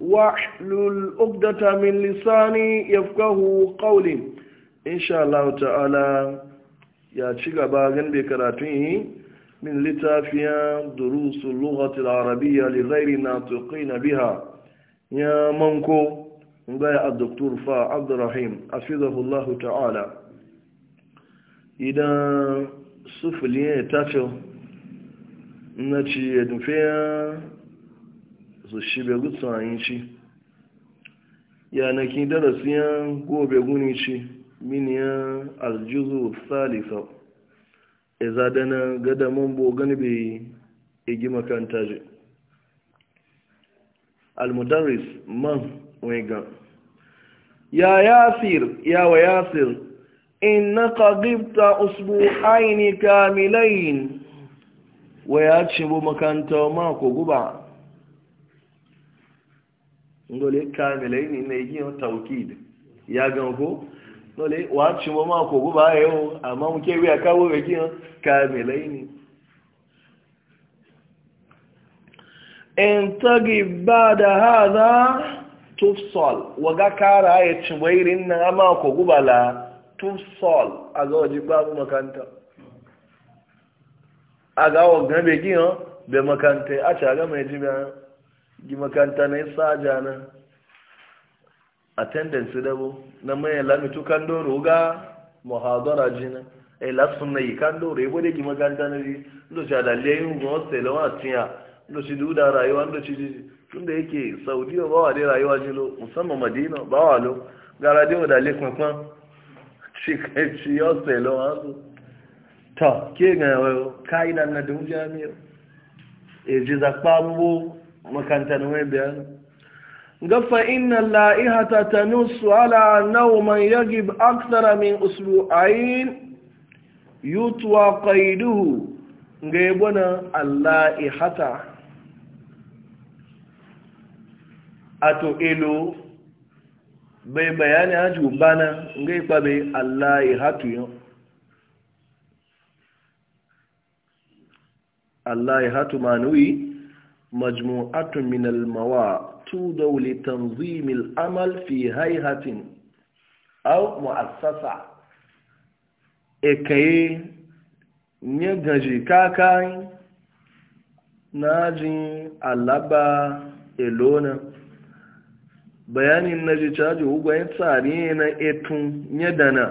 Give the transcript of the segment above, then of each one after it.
واحلل عقدة من لساني يفقه قولي إن شاء الله تعالى يا شيخ باغن بكراتي من لتافيا دروس اللغة العربية لغير ناطقين بها يا منكو مبايع الدكتور فا عبد الرحيم حفظه الله تعالى إذا سفلية تاتشو نتشي يدفيا su shibe gutsayin ci yanakin darasiyan gobe guni ci miniyan aljuzu salisa izadana gada mambo gani bai igi makanta ji almudaris man wigan ya yasir ya wa yasir kagibta usbu usbu'aini kamilain wa ya ci bu makanta mako guba ngole kamilai ne na yi taukid ya gan ko ngole wa ci mo ma ko go ba yo amma mu ke wiya kawo ga kin kamilai ne bada da hada tufsal wa ga kara ya ci iri na ama ko go ba la tufsal a ga ba mu makanta a ga wa gabe kin be makanta a ta ga mai jibi gi makanta na isa jana attendance dabo na mai lamitu kan doro ga muhadara jina e la sunna yi kan doro ebo de gi makanta na ri ndo cha da le yun go se lo atia ndo ci duda rayuwa ndo ci tunda yake saudi ba wa de rayuwa jilo musamman madina ba wa lo gara de da le kankan ci kai ci yo se lo asu ta ke ga yo kai nan na dun jami'o e ji zakpa mbo makaranta na wani bayani gafa inna la'ihata ta nusu ala nau man yagib aksara min usbu'ain yutuwa qaiduhu ga yabona alla'ihata ato ilo bai bayani hajji bana ga ipa bai alla'ihatu yau alla'ihatu manuyi majmu'atun min al-mawa tudaw li tanzim al-amal fi hayhatin aw mu'assasa e kai nye gaji kakai naji alaba elona bayanin naji caji hugo yin e tsari na etun nye dana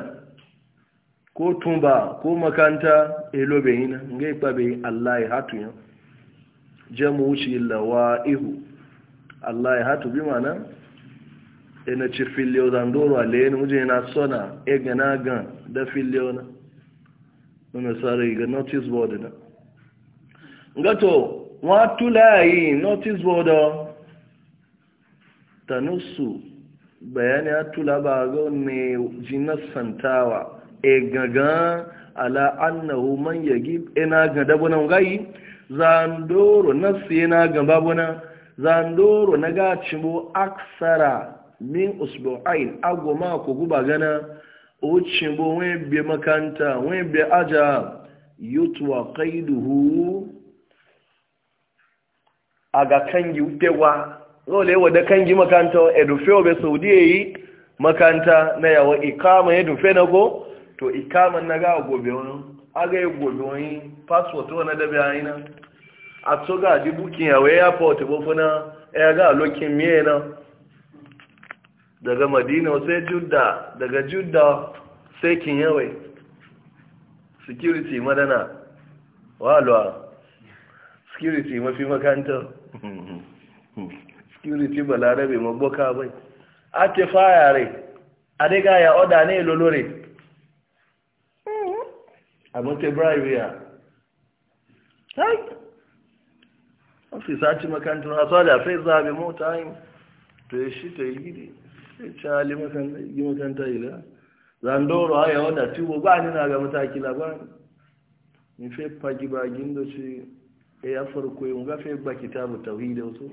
ko tumba ko makanta elobe yin nge ipa be allahi e hatu yin jamu shi ihu Allah ya hatu bi mana ina ci filiyo zandoro a leni wuje na sona e gana gan da filiyo na nuna sare ga notice board na ngato wa tulayi notice board tanusu bayani a tula ba ga ne jina santawa e gaga ala annahu man yagib ina ga dabunan gayi zandoro na na gamba buna zandoro na gacibo aksara min usbu'ain agoma ko guba gana o ucimbo be makanta webe aja yutwa qaiduhu aga kangi utewa lole wada kangi makanta edufeo be saudiya yi makanta na yawa ikama edufe na go to ikama na ga gobe wani aga egwo doyi paspọtụ ọ dabe aina a na ga di booking a wai airport bo funa ya ga lokin mie na daga madina sai juda daga judda sai kin security madana walwa security mafi makanta security balarabe magboka bai a te fayare a daga ya oda ne lolore amma kai bribe ya hai ofisa ci makantar hasuwa da sai zaɓe mota yi. to ya shi ta yi gidi sai cali makanta ila zandoro a yawon da tubo ba ni na ga mataki labari ni fe fagi bagin da ce ya farko yin gafe ba kitabu da wasu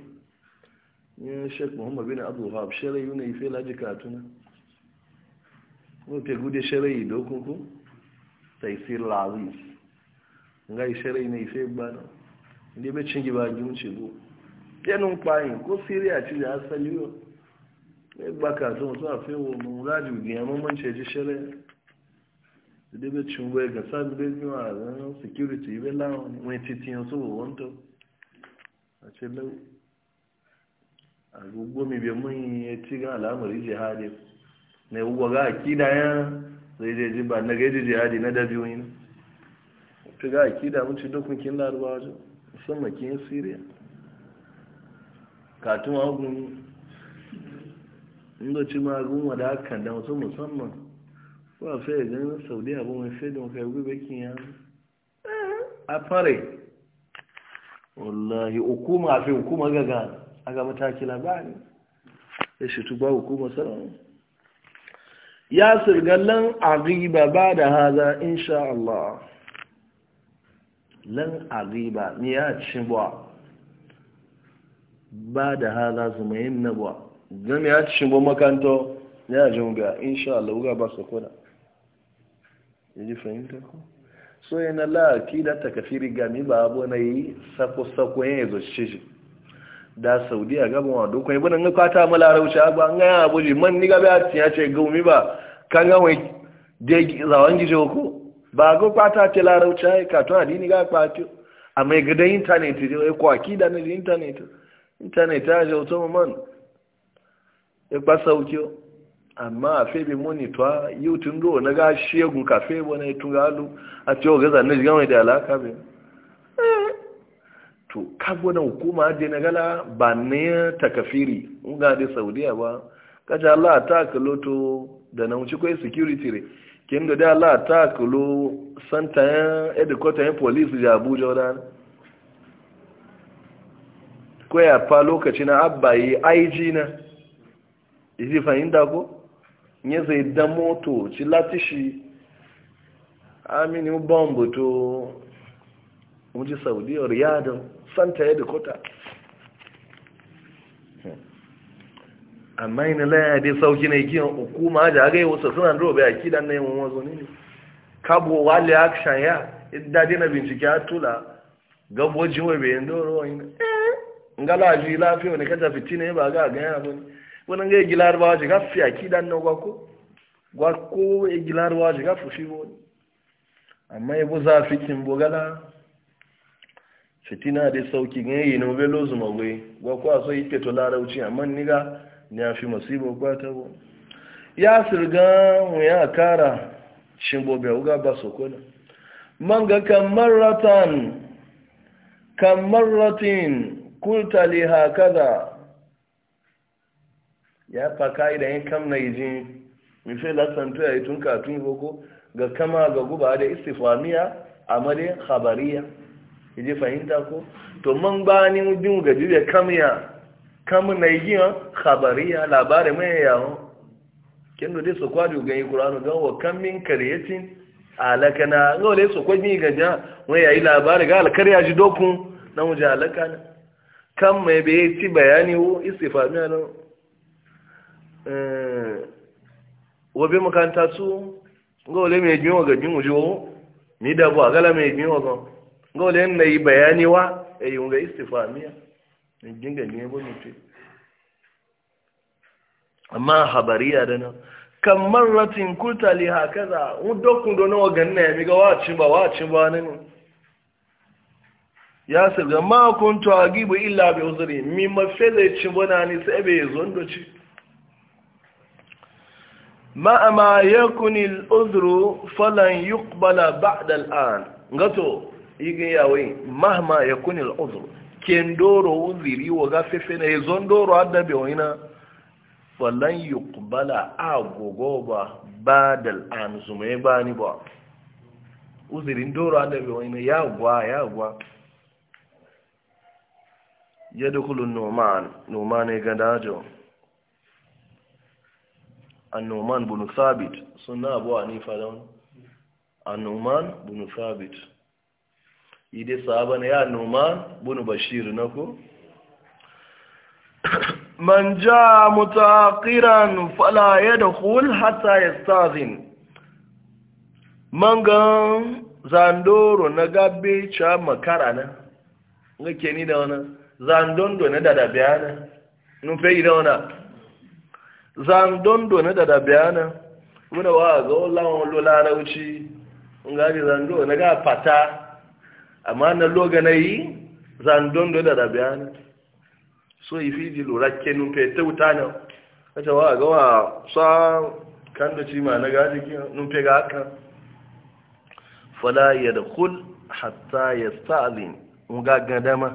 yin sheik muhammad bin abu hab shirai yuna ife laji katuna wata gude shirai dokunkun taisir aziz nga ishere ne ife gbana ndi be ba gi unce go yanun ko siriya ci da asali yo ne gba ka so so afe wo mu raju gi amma man ji shere ndi be cin go ga sa be eh, ni wa security be la won titin so won a ce lau a gugu mi be mun ya ci ga jihadi ne ugwa ga akida zai je ji ba na gaji jihadi na dabiyoyi na ta ga aki da mutu dukkan kin laruwa wajen musamman kin siriya katun agun inda ci magun wada hakan da wasu musamman ba sai ganin saudi abu mai fedin kai gube kin ya eh, a fare wallahi hukuma fi hukuma gaga a ga mataki labari ya shi tuba hukuma sarari ya sirgallan agiba ba da haza insha Allah lan agiba ni ya ci ba ba da haza su yin na ba gami ya ci ba makanto ya ji muga insha Allah wuga ba su kuna ji fahimta ku so yana la akida takafiri gami ba abu na yi sako sako yin yazo shi da saudiya gaba wa duk kai bunan ka ta mala raucha ba an ga abuji man ni gaba ya tiya ce gumi ba kan ga wai de zawan gije ko ba go kwata ce la raucha ka to adini ga kwati amma ga da internet je ko akida ne internet internet ya je to man e pa sauki amma a febe monitwa yutun do na ga shegu shegun kafe bona tungalu a ce ga zanne ga mai da alaka bai to kago na hukuma je na gala ba ne takafiri ga da saudiya ba kaja Allah ta kalo to da na wuce kai security re kin da da Allah ta kalo santa ya edikota ya police da Abuja da ko ya fa lokaci na abbayi ji na izi fahimta ko nye zai da moto ci latishi amini bombo to muji saudiya riyadin santa ya dakota amma ina laya dai sauki na ikiyan hukuma da aga yi wasu suna robe a kidan na yawon wazo ne kabo wale action ya idda dina bincike a tula gabo jiwa bai yin doro wani eh ngala ji lafiya ne kata fitina ya ba ga gaya ba ne wani ga yi larabawa ji gafi a kidan na gwako gwako ya yi waje ji gafi shi bo amma ya bu fi kin gala fitina da sauki ne yi na obelo zuma gwe gwa kwa so yi peto larauci amma niga ne a fi masibo kwa ta bu ya sirga mu ya kara shimbo bai uga ba so kona man ga kamaratan kamaratin kulta li da ya faka idan yin kam na yi mi fe ya tun katun tun boko ga kama ga guba da istifamiya madin habariya yaje fahimta ko to man ba ni mu bin ga jibe kamiya kam na yi khabariya labari mai yawo kin do dai so kwadu ga qur'anu ga wa kam min kariyatin alaka na ga le so kwadi ga ja wai yayi labari ga alkariya ji dokun na mu ja alaka na kam mai be ti bayani wo istifami na eh wo be makanta su ga le mai mu ga jiwo ni da bo agala mai jiwo ga gole na yi bayani wa e yi wunga istifamiya in ni, ne bu mutu amma habariya da dana. Kamar ratin kulta li haka za na wagan na ganna ga wa cin ba cin ba nan ya ga ma to agibu illa bi uzuri mi mafele cin bona ni sai be zondo ci ma ma yakuni al uzru falan yuqbala ba'da al an ngato igin yawai mahma ya kuni al'uzur ken doro uziri wa gafefe na ya zon doro addabe wina falon yi kubala agogo ba ba an zume ba ba uziri doro addabe wina ya gwa ya gwa yadkhulu nu'man noman noman ya an-nu'man e annoman bunu sabit abu anifa ni an-nu'man bunu sabit ide sahaba na ya noma bunu bashir na ko man ja mutaqiran fala yadkhul hatta yastazin man ga zandoro na gabe cha makara na ngake ni da wannan zandondo na dada bayana nun fe ida wana zandondo na dada bayana muna wa ga lawon lola rauci ngari zando na ga fata amma na na yi zandon da da bayani so yi fiji lura kenu pe ta wuta ne kace wa ga wa sa kan da ci ma na gaji ki nun pe ga haka fala yadkhul hatta yasta'zin mun ga gadama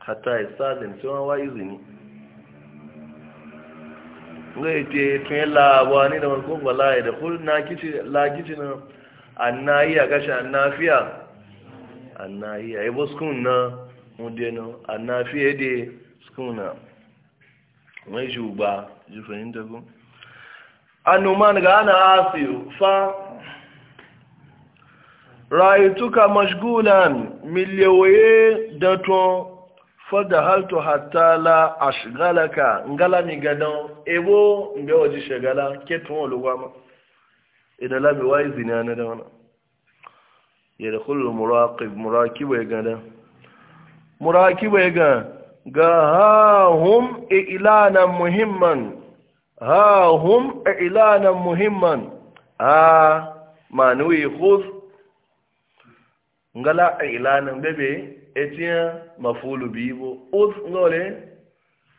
hatta yasta'zin sai wa izini ne te tun la wa ni da ko fala yadkhul na kici la kici na annayi a na fiya. annahi ya yabo sukun na mudenu annafi ya de sukun na mai shuba ji fahimta ku annuman ga ana asiyu fa ra'aytuka mashgulan miliyoye da to fadahaltu hatta la ashghalaka ngala mi gadan ebo mbe oji shagala ketun oluwa ma idan e mi wa ne ana da wannan yadkhulu kullum muraqib ya gana muraqib ya ga ga hum ilanan muhimman ha hum ilanan muhimman a manuwi hus ngala ilanan bebe etia mafulu bibo hus ngole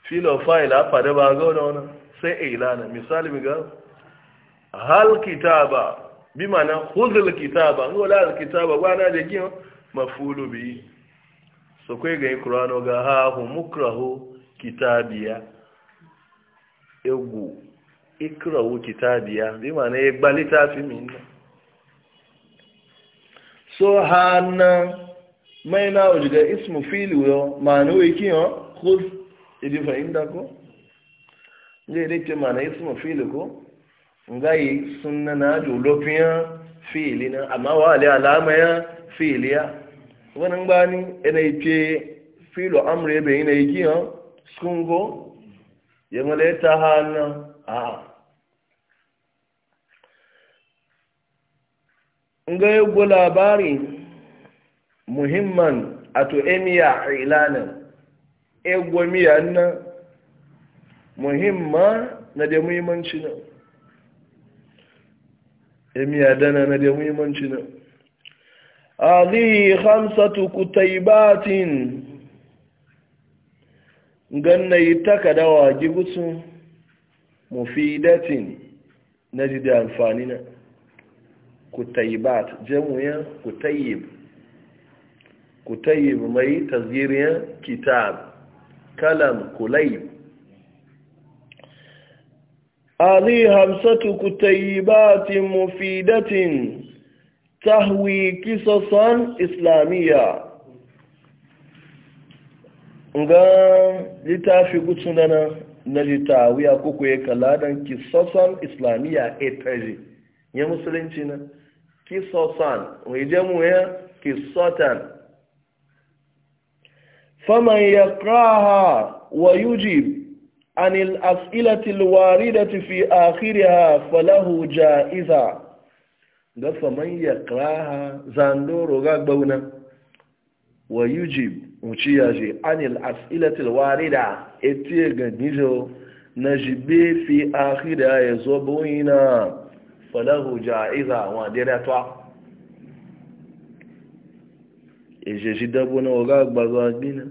filo faila pada ba gona sai ilanan misali mi ga hal kitaba bi mana huzul kitaba ngo la kitaba bwana de gyo mafulu bi so kwe ga qur'ano ga ha hu mukrahu kitabiya egu ikrahu kitabiya bi mana e gbalita fi min so hana mai na ojiga ismu fili yo mana we kiyo khuz idi e fa indako nge ile ke mana ismu fili ko ngai sunna na jolofiya fili na amma wa ali alama ya fi'iliya wani gbani ina ife filo amri ebe ina yi kiyan sungo ya ta hannun a nga yagbo labari muhimman ato to emiya ilanin egwomiya na muhimman na da muhimmanci na emiya dana na da muhimmanci na hadhihi khamsatu kutaibatin gannayi takadawa gibutsu mufidatin na ji da amfani na kutaibat jamuyan kutayib kutayib mai taziriyar kitab kalam kulayib هذه همسة كتيبات مفيدة تهوي قصصا إسلامية nga littafi gutsunana na na littawiya kuku ya kaladan kisosan islamiyya a tare ya musulunci na kisosan wai jamu ya kisotan faman ya kraha wa yujib عن الأسئلة الواردة في آخرها فله جائزة قف من يقراها زاندور غاقبونا ويجيب مشياجي عن الأسئلة الواردة اتيغ نجو نجيب في آخرها يزوبونا فله جائزة وديرتوا ejeji dabo na oga agbagba gbina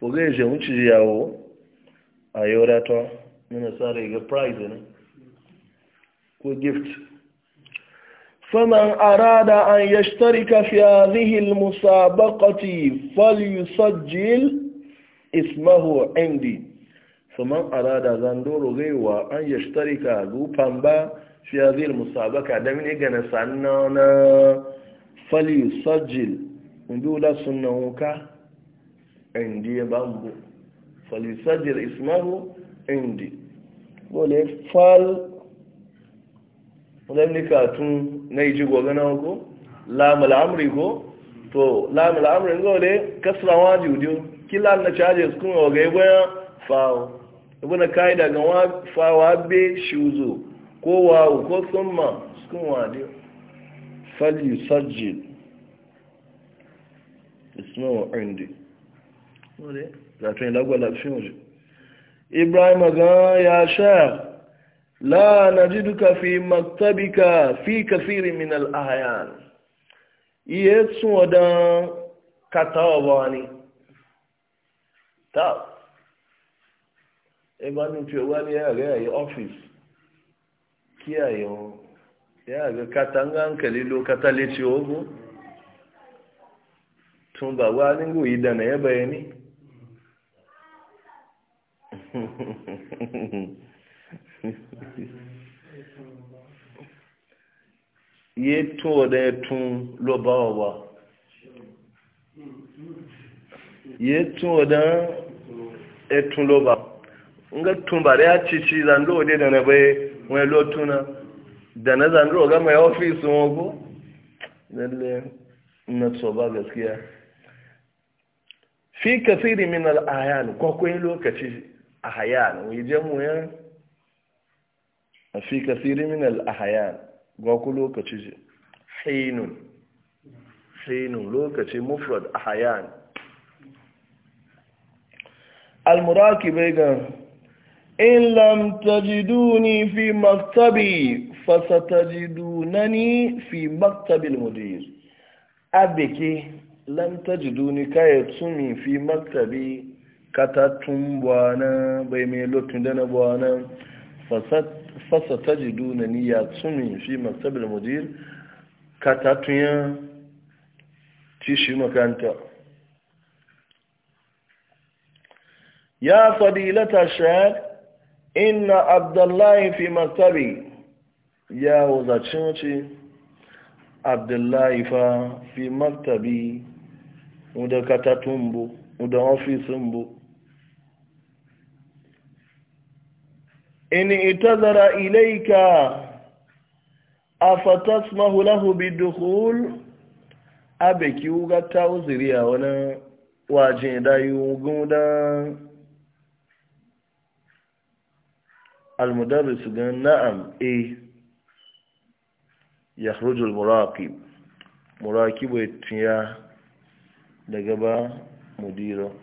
foga eje wuce yawo a yau da ta nuna tsara ga prize ko gift faman arada an ya shi tari kafiya zihil musa bakwati fal ismahu indi faman arada zan doro zaiwa an ya shi tari ka gufan ba shi ya zihil musa baka dami ne gana sanna na fal falisajir ismahu indi wale fal wani tun na iji gogana ko lamul amri ko to lamul amri ko wale kasra waji udiyo kila na charges kuma waga yi bayan fawo ibina ka'ida ga fawa be shuzo ko wawo ko summa sun wadiyo falisajir ismahu indi wale zaton lagwala fi waje ibrahim ga ya sha la na ji duka fi maktabika fi kafiri min al'ahayan iye tun wadan katawa ba wani ta ibanin ce wani ya ga yayi ofis kiyayen ya ga katanga hankali lokata lece ogun tun ba wani goyi da na ya bayani ye tún ọ̀dẹ tún ló bá wà wá yé tún ọ̀dẹ ẹtún e ló bá nga a bare ya cici zando ọdẹ dana bai wọn lọ na dana zando ọgá mai ọfíìsì wọn ko lalle na so ba gaskiya fi kasiri min na al'ayan ka lokaci الأحيان ويجمعين في كثير من الأحيان قولوا كتجي حين حين لوكتي مفرد أحيان المراكب إذا إن لم تجدوني في مكتبي فستجدونني في مكتب المدير أبكي لم تجدوني كي في مكتبي katatun buwana bai mai lokacin dana buwana fasa ta ji duna ni ya tsumi fi masabar mudir katatun ya ci shi makanta ya fadilata shayar ina abdullahi fi masabi ya wuzacin wuce abdullahi fa fi martabi wadda katatun bu wadda ofisun bu in itazara ilayka afatasmahu lahu bidukhul abeki uga tawziriya wana waje da yuguda المدرس قال نعم إيه يخرج المراقب مراقب يتيا لقبا مديره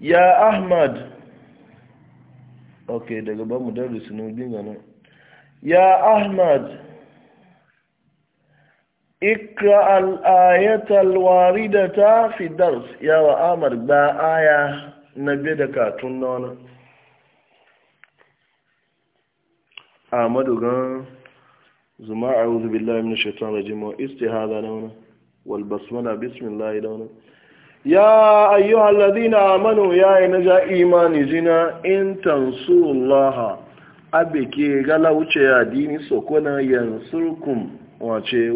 يا أحمد ok daga ba mu darbe su nubin gano ya ahmad ikra da ta fi dars ya wa amar ba aya na biya da katun na wani ahmadu gan zuma a wuzubillahi min shaitan rajim wa istihada na wani walbasmana bismillah da wani ya ayyuha alladhina amanu ya inaja imani jina in tansullaha abike gala wuce ya dini sokona yansurkum wace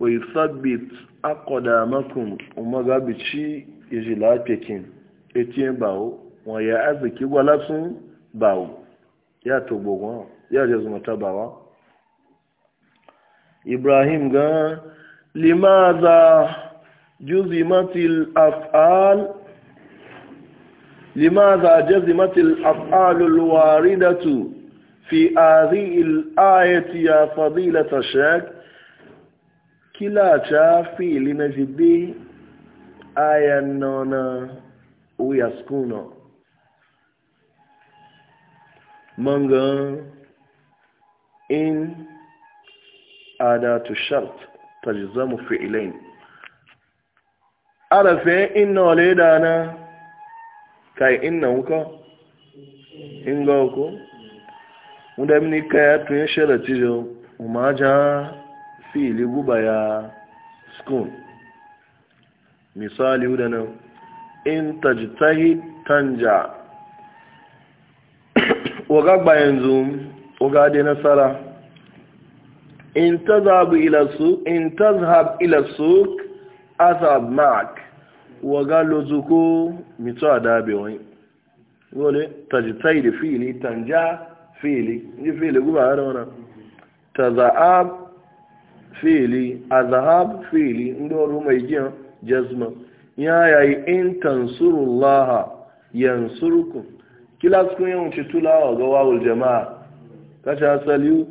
wa yuthabbit aqdamakum umaga bici yaji lafekin etien bawo wa ya aziki sun bawo ya togbogon ya jazumata bawa ibrahim ga limaza جزمت الأفعال لماذا جزمت الأفعال الواردة في هذه الآية يا فضيلة الشيخ كلا في لنجدي آية نونا ويسكونا منغا إن أداة الشرط تجزم فعلين arafe inna wale dana kai inna wuka inga ko wanda mini kaya tun ya sharati jo umaja fili guba ya skun misali wudana in tajtahid tanja waga bayanzu waga dai nasara in tazhab ila suq in tazhab ila suq azab ma'ak waga lozuko mito adabe wani wale tajitai da fili tanja fili ndi fili guba har wana tazahab fili fiili fili ndi wani mai jiyan jazma ya yayi in tansurullaha yansurkum kila cikin yawanci tulawa wawul jama'a kashe asali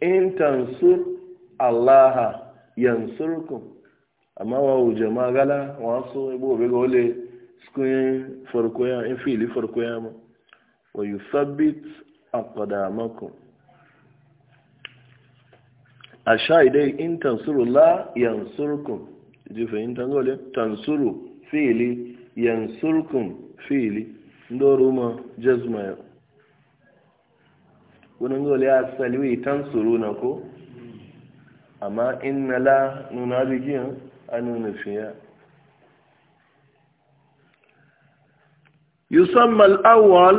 in tansur allaha amma wa wuje magala wasu ibo obe ga ole sukun farko ya in fili farko ya ma wa yusabbit a asha idai in la yansurkum ji in gole tansuru fili yansurkum fili ndoro ma jazma wani gole ya saliwi tansuru na ko amma in la nuna bigiyan anu nufiya yusamma al'awwal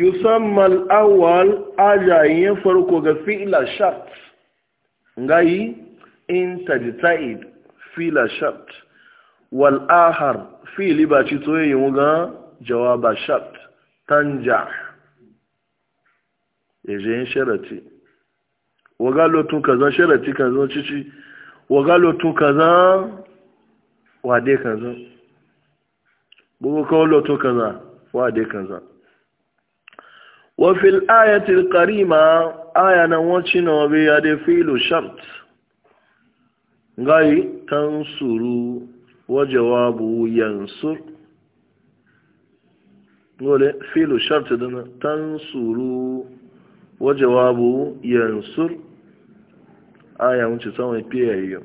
yusamma al'awwal ajayen farko ga fi'ila shart ngayi in tajta'id fi'ila shart wal ahar fi'li ba ci to yin ga jawaba shart tanja ejen sharati wagalotun kaza sharati kaza cici wagalotun kaza wade kaza bukukawar lotun kaza wade kaza wafil ayatul karima aya na wancin na wabe ya dey filo shart tan suru wajewabu yansu gole filo dana tan suru wajewabu yansu aya wuce sama fiye yi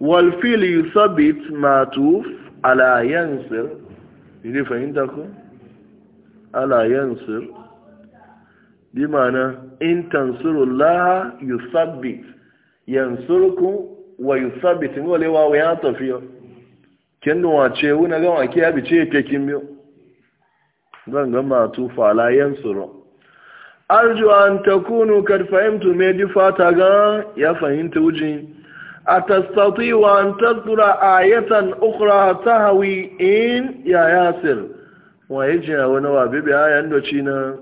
walfil yusabit matuf ala yansir yi fahimta ko ala yansir bi mana in tansurullaha yusabbit yansurku wa yusabbit ngole wa ya tafiyo wa ce wuna ga wake ya bice yake kin biyo zan ga matuf ala yansuru arju an takunu kad fahimtu me ji fata ga ya fahimta wuji atastati'u an tadhkura ayatan ta hawi in ya yasir wa yaji wani wa bibi ayan do cina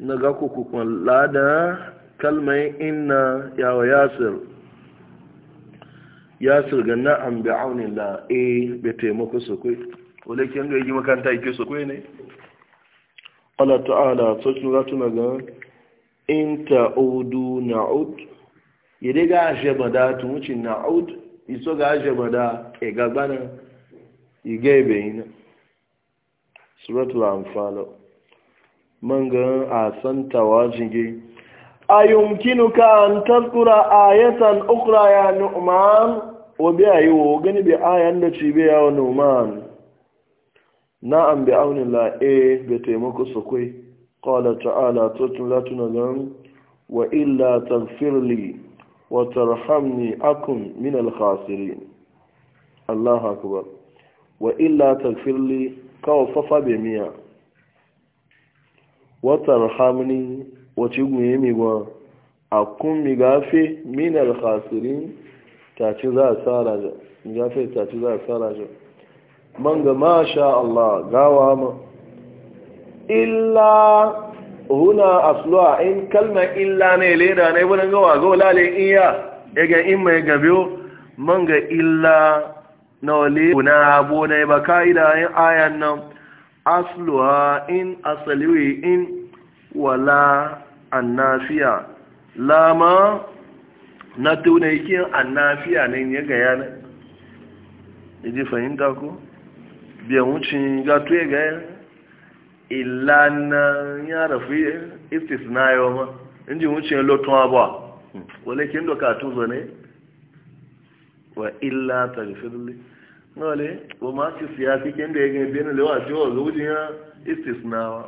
na ga ku kun lada kalmai inna ya wa yasir yasir ga na'am bi aunillah eh be taimako su kai walakin ga yi makanta yake su kai ne Allah ta'ala sokin ratuna ga in ta'udu na'ud yede ga ashe bada tumuci na'ud iso ga ashe bada e gagbana igebe ina suratul anfal manga asan tawajinge ayumkinuka an a ayatan ukhra ya nu'man wa yi ayu gani bi ayan da ci wa nu'man na'am bi aunillah eh bai taimako su kai qala ta'ala tutun latuna gan wa illa taghfirli wa tarhamni akun min al-khasirin Allahu akbar wa illa taghfirli kaw fafa be miya wa tarhamni wa chiguye mi gwa akun mi gafe min al-khasirin ta ci za a tsara ga gafe ta ci za a tsara ga man ga masha Allah gawa ma illa huna asluwa in kalma illa ne leda ne wurin gawa ga wulale iya daga in mai gabiyo man ga illa na wale kuna abu na ba ka'ida yin ayan nan asluwa in asaliwe in wala annafiya lama na tunaikin annafiya ne ya yana. Iji fahimta ko? biya wucin ga tuye ga yin ìlànà yára fi istisna yọ ma inji wucin lotun abuwa wale kin doka tuzo ne wa illa tagfirli wale wa ma ci siyasi kin da ya gani biyan ọzọ ce ya istisna wa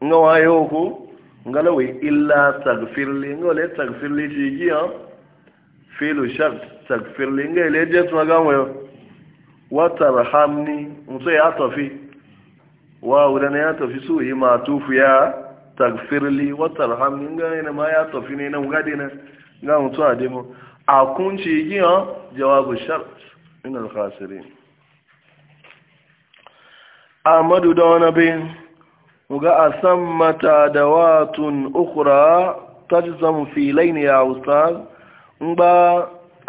nun ngalawe illa tagfirli ngole tagfirli ci giya filu shart tagfirli ngele je tuma gawo wa tarhamni ya tafi wa wudana ya su yi ma tufu ya tagfirli wa tarhamni ma ya ne na ngade ga mutu ademo akun akunci giya jawabu min al khasirin amadu da wani ga a san mata da watun ukura ta ji samu filai ne ya ustaz in ba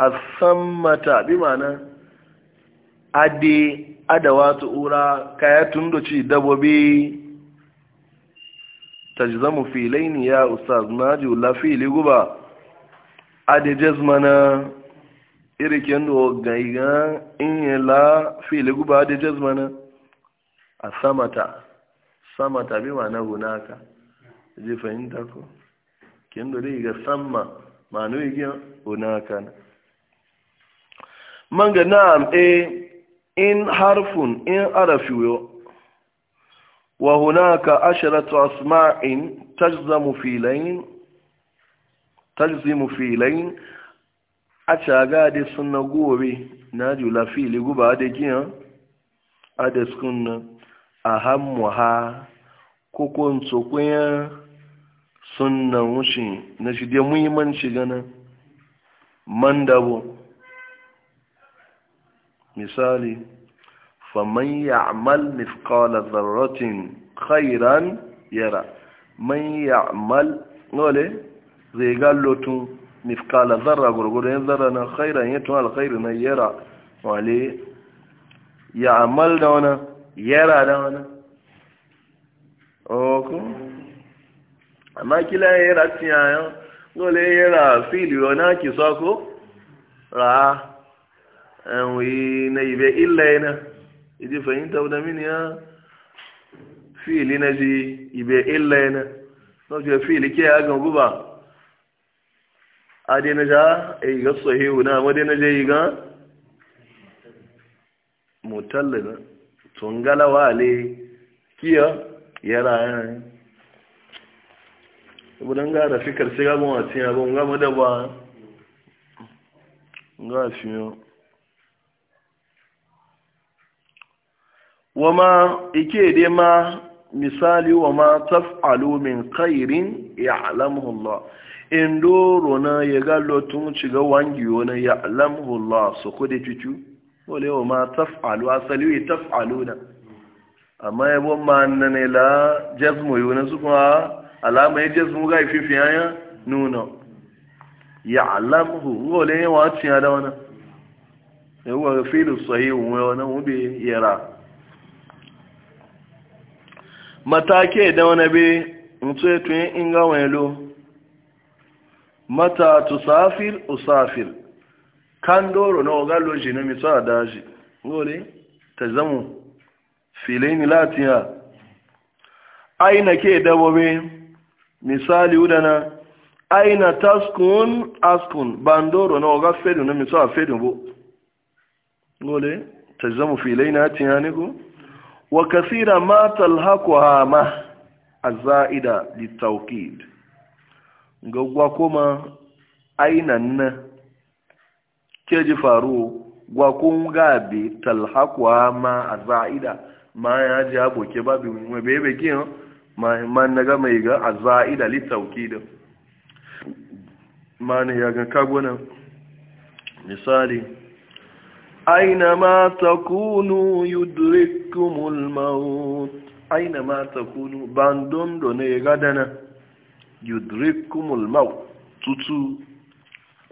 a san mata bi mana ade adawatu ura kaya tun da ci dabobi ta ji zamu filai ne ya ustaz na ji wula fili guba ade jazmana irikin da gaigan in yi la fili guba ade jazmana a samata sama tabi na hunaka ji fahimta ko kin dole ga sama ma'ana yake hunaka man ga na'am e in harfun in arafi yo wa hunaka asharatu asma'in tajzamu filayn tajzimu filayn a caga da sunna gobe na jula fili guba da giyan a da sunna ko koko ntsokoya sunna wuce na shi dai muhimmanci gana man dabo misali faman ya'mal mithqala dharratin khairan yara man ya'mal ngole zai gallotun mithqala dharra gurgurun dharra na khairan yatun alkhairu na yara wale ya'mal da wannan yara da wani ọkụ oh, amakila yara tiyayen lole yara fili ona kisoko ra enwe na ibe ile na iji fahimta da mini ya fili na ji ibe ile na n'oge fili ke agan guba adinaja eyi ga sahihu na amadinaja yiga ga mutallina tungala wale kiyo yara yana eh. ibudan ga da fikar sai gabon a cikin abin gama da ba ga shi yau wama ike dai ma misali wama taf'alu min khairin ya'lamuhu Allah in doro na ya ga lotun shiga wangiyo na ya'lamuhu Allah su kudi cucu wale wa ma taf'alu asali yi taf'alu na amma yabo ma na ne la jazmu yi wani su kuma alama ya jazmu ga ifi fiyanya nuna ya alamhu wale ya wa ciya da wani ya wa filu sahihu wani wani wube yara matake da wani be mutu ya tuyin inga wani lo mata tusafir usafir kandoro na ogalo shi na misa da shi gole ta zamu filaini latiya aina ke dabobe misali udana aina taskun askun bandoro na oga fedu na misa fedu bo gole ta zamu filaini latiya ne ku. wa kasira ma talhaquha ma azaida litawkid Ga kuma aina na ke ji faru gwa kun gabi talhakwa ma a za'ida ma ya ji aboke babi mai bebe kiyan ma na ga mai ga a za'ida litauki da ma ne ya ga kagunan misali aina ma ta kunu yudrikumul maut aina ma ta kunu bandon da ne gadana yudrikumul maut tutu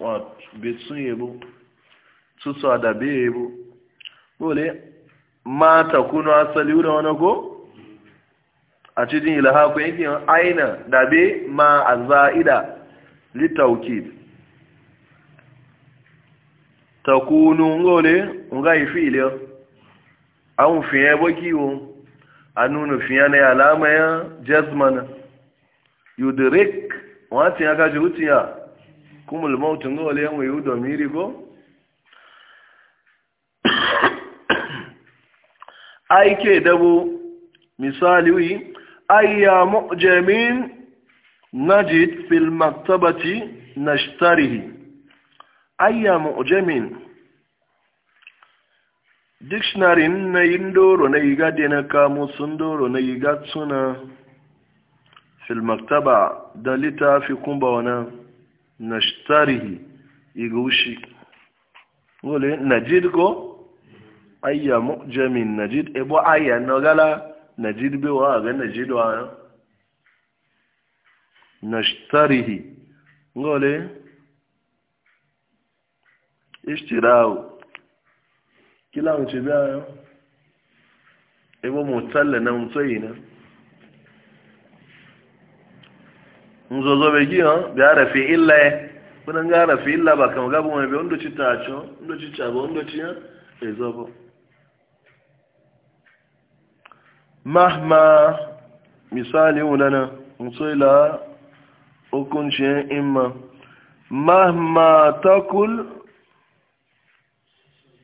wa betsun yabo susu adabe yabo dole mata kuno asali wurin wani go a cikin ilhaku yake aina dabe ma a za'ida litaukid takunu ngole nga ifile an fiye bakiwo a nuna fiye na alama ya jazmana yudirik wata ya kaji hutiya kuma limautin ngole yan wayo domiri ko aike dabo misali ayya mu'jamin najid fil maktabati nashtarihi ayya mu'jamin dictionary na indoro na yiga de na kamo sun doro na yiga suna fil maktaba da littafi kumba wana nashtarihi igushi wole najid ko ayya mu'jamin najid ebo ayya na gala najid be wa ga najid wa nashtarihi ngole ishtirau kila unche be ayo ebo mutalla na mutsoyina nzozo be giyo be arafi illa kuna ngara fi illa ba kama gabu mwe be ndo chitacho ndo chichabo ndo chiya ezobo mahma misali wunana mutsila hukuncin imma mahma takul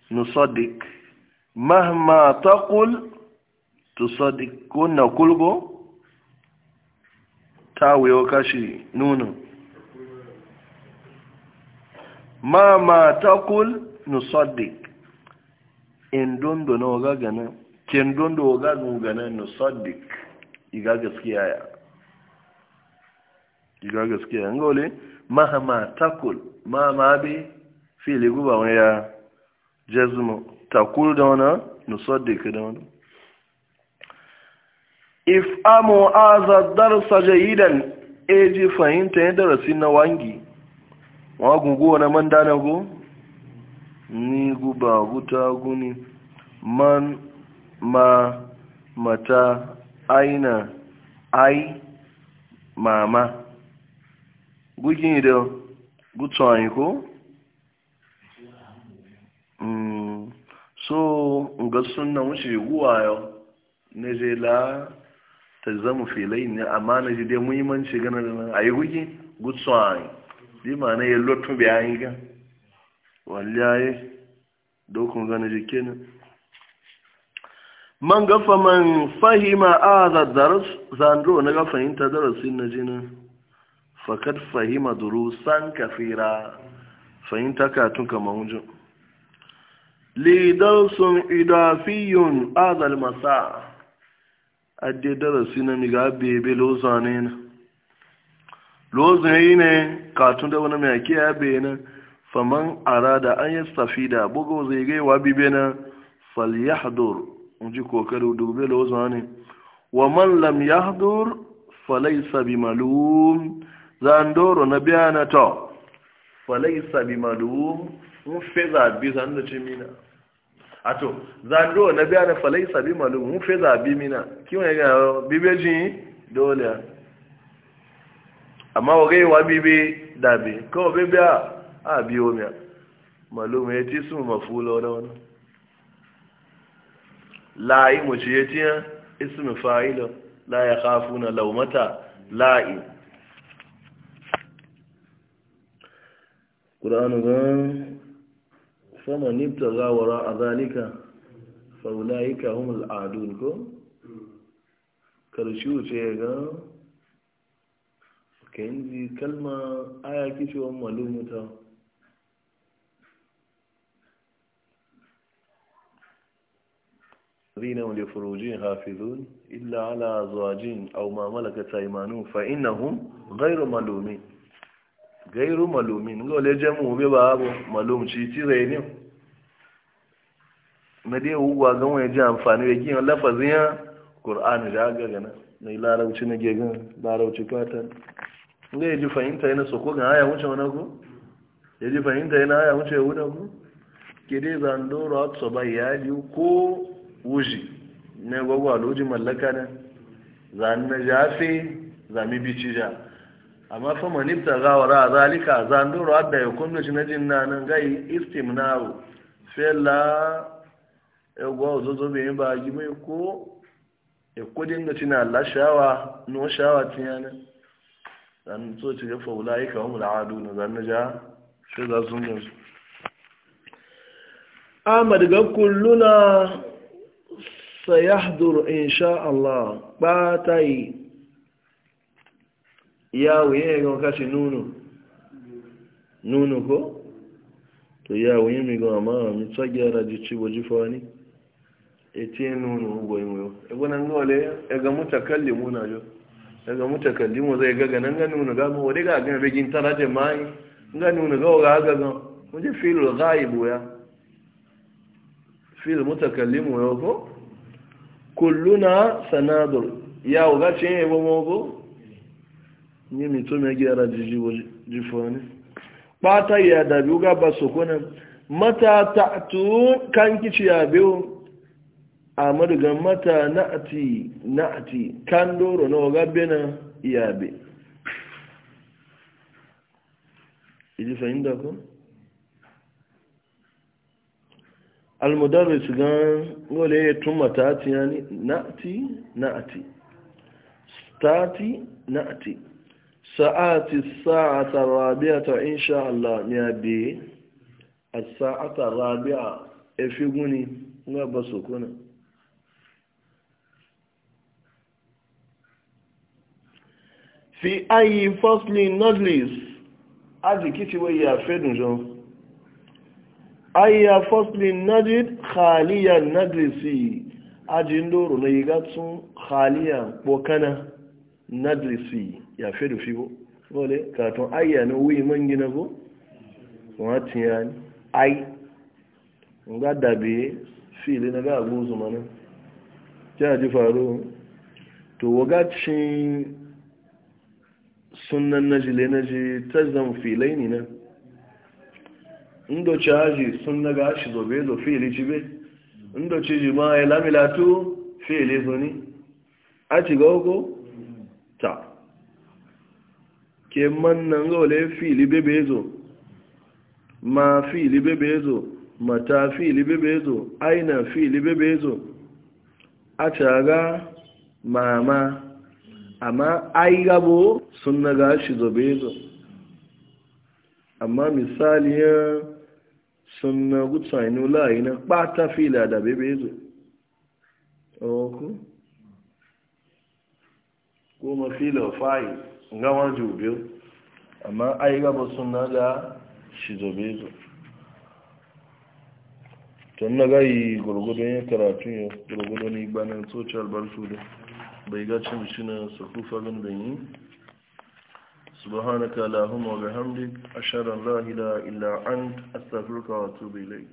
nusadik mahma takul tusadik ko na kulgo ta wuyo kashi nunu mahma takul nusadik in dondo na waga kendon da ga gugana sadik iga gaskiya ya iga gaskiya an mahama takul mahama bi fili guba ya jazmu takul da no sadik da if amu aza darsa jayidan eji fahimta ya darasi na wangi wagungu wani mandana go ni guba guta guni man ma mata aina ai mama gugin da gutsu anyi ko? so ga suna wuce guwayo na je la ta zama filai ne amma na ji dai muhimmanci gana da nan a yi gugi gutsu anyi di ma na yi lotu bayan gan wallaye dokun gana jikin man gafa man fahima a daras zandro na ga darasin na jina fakat fahima duru durusan kafira fahimta katun kama wujin lidarsun idafiyun azal masa adde darasi na miga bebe lozane na lozane ne katun da wani mai ake yabe na faman arada an yi safida da bugu zai gaiwa bibe na falyahdur ji kokari dube da wasu ne wa man lam yahdur falaisa bi malum zan doro na biya na ta falaisa bi malum mun feza bi zan da ci mina a to zan doro na biya na falaisa bi malum mun feza bi mina kiwon ya bibeji dole amma wa gaiwa bibe dabe kawai bibiya a biyo miya malum ya ci sun mafulo na wani la'i mujiyatiya ismi fa'ila la ya na laumata la'i ƙura'anu gan sama nipta zawara a zalika faulaika hum adun ko karshe wuce ga kenji kalma ce wani malumuta الذين هم لفروجهم حافظون إلا على أزواجهم أو ما ملكت أيمانهم فإنهم غير ملومين غير na dai wuwa gan wani ji amfani da kiyan lafazin ya ƙur'ani da aga gana na yi larauci na gegan larauci fatan inda ya ji fahimta yana soko ga haya ya ji fahimta yana haya wuce wani ku ke dai zandoro ya ji ko wuji na gwagwa loji mallaka ne za na jafe za mi bici ja amma fa manifta gawara zalika za doro adda ya kunnu shi na jin na nan gai istim na istimnaru fela ya gwa egwa zozo bai ba a mai ko ya kudin da tina Allah shawa no shawa tiyana dan so ci ga faula yi kawo adu na na ja sai za sun yanzu Ahmad ga kulluna sayahdur insha Allah bata yi yawo yin kashi nunu nunu ko to yawo yin mi ji cibo jifa ni eti nunu ugbo inwe ego nan gole ega mutakallimu na jo ega mutakallimu zai gaga ga nunu ga mu ga ga begin taraje mai ga nunu ga ga ga ga mun je fil ya kulluna sanadur ya uga cin yabo mogo ni mi to me gyara jijibo jifoni pata ya da uga basokona mata ta'tu kanki ci ya biyo amadu ga mata na'ati na'ati kan doro na uga bena ya bi idi fahimta ko almudarris gan wale ya tumma ta ci yani na'ati na'ati stati na'ati sa'ati sa'ata rabi'ata insha Allah ya bi as-sa'ata rabi'a efiguni nga basukuna fi ayi faslin najlis aji kiti wai ya fedun ayya faslin najid khaliyan nadrisi ajin doro na yiga tun khaliyan bokana nadrisi ya fi rufi bo wale katon ayya na wuyi man gina bo wata ya ni ai ga dabe fili na ga agun mana ja ji faru to wagacin sunan najile naji tazan filai ni na ndo chaji sunna gashi zobe zo fili be ndo ji ma ya e lamila tu fili zoni a ci ga uku ta ke man nan ga fili bebe zo ma fili bebe zo mata fili bebe zo aina fili bebe zo a caga mama amma ai gabo sun na gashi zobe zo amma misali ya sunna gutsa inu layi na ɓata fila da bebe zo ɗauku goma fila fayi ju bi amma ai gaba sunna da shi zobe zo tun na gayi gurgudun ya karatu ya gurgudun igbanin social da bai gacin shi na sakufalin da yi subhanaka allahumma wa bihamdik ashhadu an la ilaha illa ant astaghfiruka wa atubu ilayk